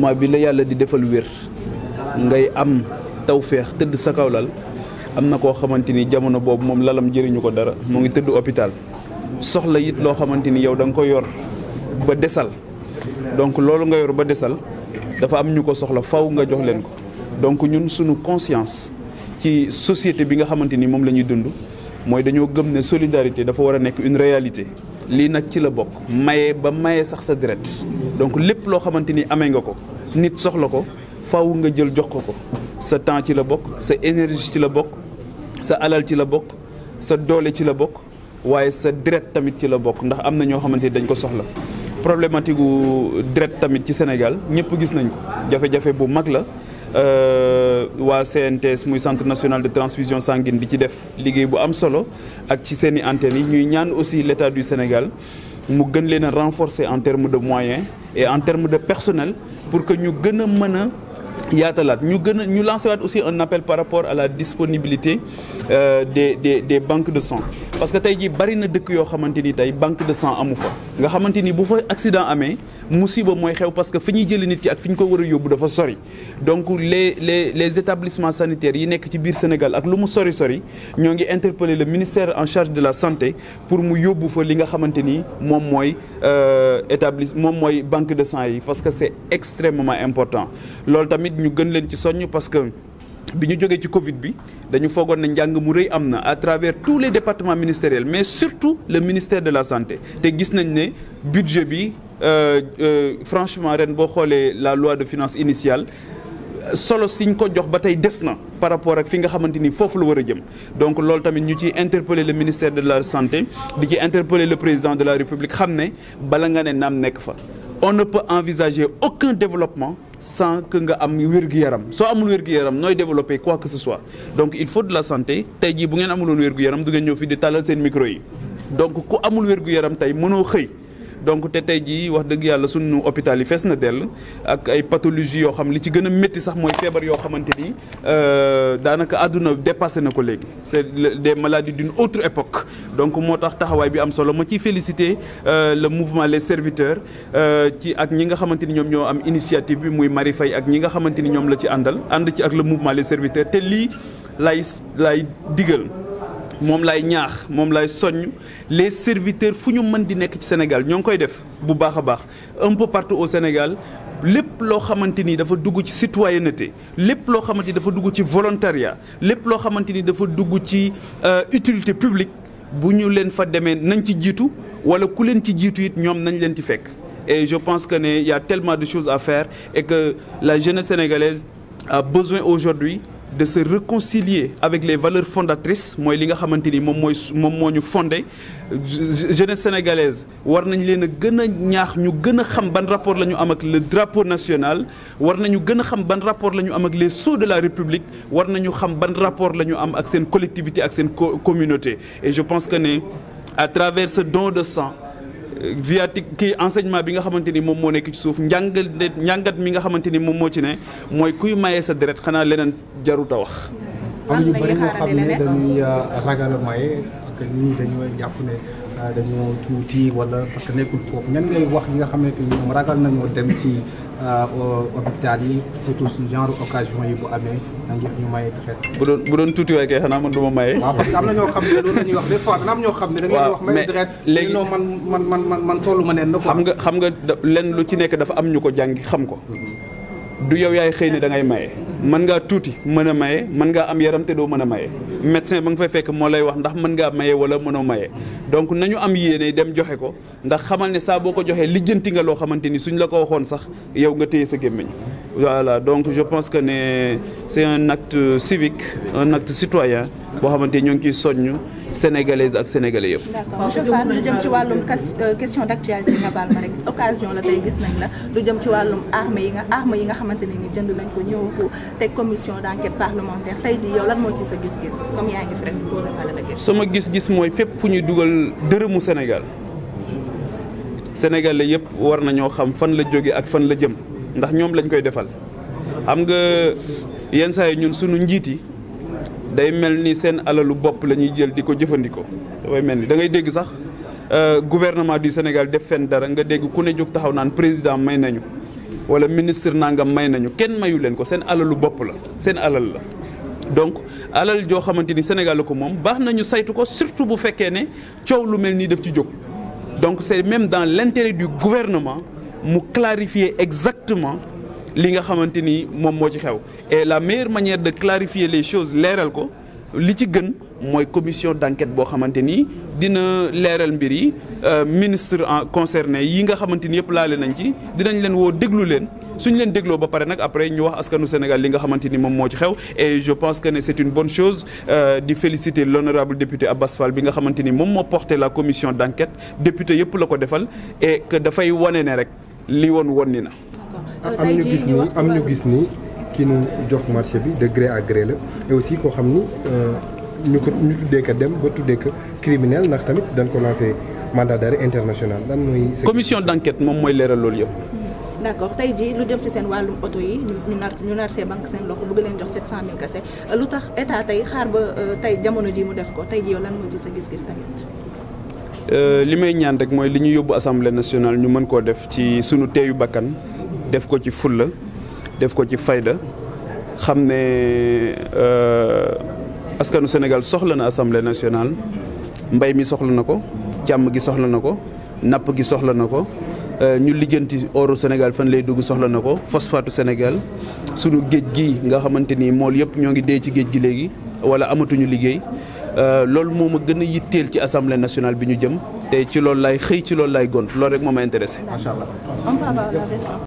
moment bi la yàlla di defal wér ngay am tawféex tëdd sa kawlal am na koo xamante ni jamono boobu moom lalam jëriñu ko dara mu ngi tëdd hôpital soxla it loo xamante ni yow da nga ko yor ba desal donc loolu nga yor ba desal dafa am ñu ko soxla faw nga jox leen ko donc ñun suñu conscience ci société bi nga xamante ni moom la ñuy dund mooy dañoo gëm ne solidarité dafa war a nekk une réalité lii nag ci la bokk maye ba maye sax sa deret donc lépp loo xamante ni amee nga ko nit soxla ko faw nga jël jox ko ko sa temps ci la bokk sa énergie ci la bokk sa alal ci la bokk sa doole ci la bokk waaye sa deret tamit ci la bokk ndax am na ñoo xamante ni dañ ko soxla problématique gu deret tamit ci Sénégal ñëpp gis nañ ko jafe-jafe bu mag la Euh, waa CNTS muy centre national de transfusion sanguine di ci def liggéey bu am solo ak ci seen i yi ñuy ñaan aussi l'état du Sénégal mu gën leen a renforcer en termes de moyens et en termes de personnel pour que ñu gën a mën a yaatalaat ñu gën a ñu lancé waat aussi un appel par rapport à la disponibilité euh, des des banques de sang parce que tey jii bari na dëkk yoo xamante ni tey banque de sang amu fa nga xamante ni bu fa accident amee musiba mooy xew parce que fi ñuy jëlee nit ki ak fi ñu ko war a yóbbu dafa sori donc les les les établissements sanitaires yi nekk ci biir Sénégal ak lu mu sori sori ñoo ngi interpeller le ministère en charge de la santé pour mu yóbbu fa li nga xamante ni moom mooy euh, établisse moom mooy banque de sang yi parce que c'est extrêmement important ñu gën leen ci soññ parce que bi ñu jógee ci Covid bi dañu foogoon na njàng mu rëy am na à travers tous les départements ministériels mais surtout le ministère de la santé te gis nañ ne budget bi euh, euh, franchement ren boo xoolee la loi de finance initiale solo siñ ko jox ba tey des na par rapport ak fi nga xamante ni foofu la war a jëm donc loolu tamit ñu ci interpeller le ministère de la santé di ci interpeller le président de la république xam ne bala nga ne naam nekk fa on ne peut envisager aucun développement sans que nga am wér-gu-yaram soo amul wér-gu-yaram nooy développer quoi que ce soit donc il faut de la santé tey jii bu ngeen amuloon wér-gu-yaram du ngeen ñëw fi di talal seen micro yi donc ku amul wér-gu-yaram tey mënoo xëy donc te tey jii wax dëgg yàlla sunu hôpital yi fees na dell ak ay pathologie yoo xam li ci gën a métti sax mooy feebar yoo xamante ni euh, daanaka àdduna dépassé na ko léegi c'est des maladies d'une autre époque donc moo tax taxawaay bi am solo ma ciy féliciter euh, le mouvement le serviteurs euh, ci ak ñi nga xamante ni ñoom ñoo am initiative bi muy mari fay ak ñi nga xamante ni ñoom la ci àndal ànd ci ak le mouvement les serviteurs te lii lay lay digal moom laay ñaax moom laay soññ les serviteurs fu ñu mën di nekk ci Sénégal ñoo ngi koy def bu baax a baax un peu partout au Sénégal lépp loo xamante ni dafa dugg ci citoyenneté lépp loo xamante ni dafa dugg ci volontariat lépp loo xamante ni dafa dugg ci euh, utilité publique bu ñu leen fa demee nañ ci jiitu wala ku leen ci jiitu it ñoom nañ leen ci fekk et je pense que ne y tellement de choses à faire et que la jeunesse sénégalaise a besoin aujourd'hui de se réconcilier avec les valeurs fondatrices mooy li nga xamante ni moom mooy moom moo ñu fondé jeunesse sénégalaise war nañ leen a gën a ñaax ñu gën a xam ban rapport la ñu am ak le drapeau national war nañu gën a xam ban rapport la ñu am ak les sceaux de la république war nañu xam ban rapport la ñu am ak seen collectivité ak seen communauté et je pense que ne à travers ce don de sang viatique kii enseignement bi nga xamante ni moom moo nekk ci suuf njàngal njàngat mi nga xamante ni moom moo ci ne mooy kuy maye sa deret xanaa leneen jarut a wax. am ñu bëri ñoo xam ne dañuy uh, ragal a maye parce que uh, tuuti wala parce nekkul foofu ñan ngay wax ñi nga xamante ni moom ragal nañoo dem ci. Euh, hôpital yi surtout suñu genre occasion yi bu amee ngir bu doon bu doon tuuti xanaa man du ma maye. waaw parce am na ñoo xam ne loolu la ñuy wax des fois am ñoo xam ne. da ngeen wax maye deret léegi non man man man man tollu ma neen na. xam nga xam nga lenn lu ci nekk dafa am ñu ko jàngi xam ko. Mm-hmm. du yow yaay xëy ne da ngay maye mën ngaa tuuti mën a maye mën ngaa am yaram te doo mën a maye médecin ba nga fay fekk moo lay wax ndax mën ngaa maye wala mënoo maye donc nañu am yéene dem joxe ko ndax xamal ne saa boo ko joxee lijjanti nga loo xamante ni suñ la ko waxoon sax yow nga téye sa gémmiñ voilà donc je pense que ne c'est un nag civique un acte citoyen boo xamante ñoo ngi ciy soññ sénégalaises ak sénégalais yëpp. d'accord lu jëm ci wàllum euh, question d'actualité nga baal ma rek occasion la tey gis nañ la lu jëm ci wàllum arme yi nga arme yi nga xamante ne ni jënd nañ ko ñëw ko teg commission d'enquête parlementaire tey jii yow lan moo ci sa gis-gis sama gis-gis mooy fépp fu ñuy dugal dërëmu Sénégal sénégalais yëpp war nañoo xam fan la jóge ak fan la jëm ndax ñoom lañ koy defal xam nga yenn saa yi ñun suñu njiit yi day mel ni seen alalu bopp la ñuy jël di ko jëfandikoo dafay mel ni da ngay dégg sax euh, gouvernement du Sénégal def fen dara nga dégg ku ne jóg taxaw naan président may nañu wala ministre nangam may nañu kenn mayu leen ko seen alalu bopp la seen alal la. donc alal joo xamante ni Sénégal la ko moom baax nañu saytu ko surtout bu fekkee ne coow lu mel nii daf ci jóg donc c'est même dans l'intérêt du gouvernement mu clarifier exactement. li nga xamante ni moom moo ci xew et la meilleure manière de clarifier les choses leeral ko li ci gën mooy commission d'enquête boo xamante ni dina leeral mbir yi euh, ministre en concerné yi nga xamante ni yëpp laale nañ ci dinañ leen woo déglu leen suñ leen dégloo ba pare nag après ñu wax askanu Sénégal li nga xamante ni moom moo ci xew e je pense que ne c'est une bonne chose euh, di féliciter l'honorable député Abbas Fall bi nga xamante ni moom moo porté la commission d'enquête député yëpp la ko defal et dafay wane ne rek li woon wonni na am ñu gis ni am ñu gis ni ki nu jox marché bi de gré à la et aussi koo xam ni euh, ñu ko ñu tuddee ko dem ba tuddee ko criminel ndax tamit dañ ko lancé mandat d'arrêt international lan mooy. commission d'enquête moom mooy leeral loolu yëpp. Hmm. d'accord tey jii lu jëm ci seen wàllum oto yi ñu nar ñu seen loxo bëgg leen jox 700000 kese lu tax état tey xaar ba euh, tey jamono ji mu def ko tey jii yow lan mooy ci sa gis-gis tamit. Euh, li may ñaan rek mooy li ñu yóbbu assemblée nationale ñu mën koo def ci sunu teeyu bakkan. def ko ci fulla def ko ci fayda xam ne euh, askanu Sénégal soxla na assemblée nationale mbay mi soxla na ko càmm gi soxla na ko napp gi soxla na ko euh, ñu lijjanti oru Sénégal fan lay dugg soxla na ko phosphate Sénégal sunu géej gi nga xamante ni mool yëpp ñoo ngi dee ci géej gi léegi wala amatuñu liggéey euh, loolu moom a gën a yitteel ci assemblée nationale bi ñu jëm te ci loolu laay xëy ci loolu laay gont loolu rek moo ma intéressé. Macha Allah.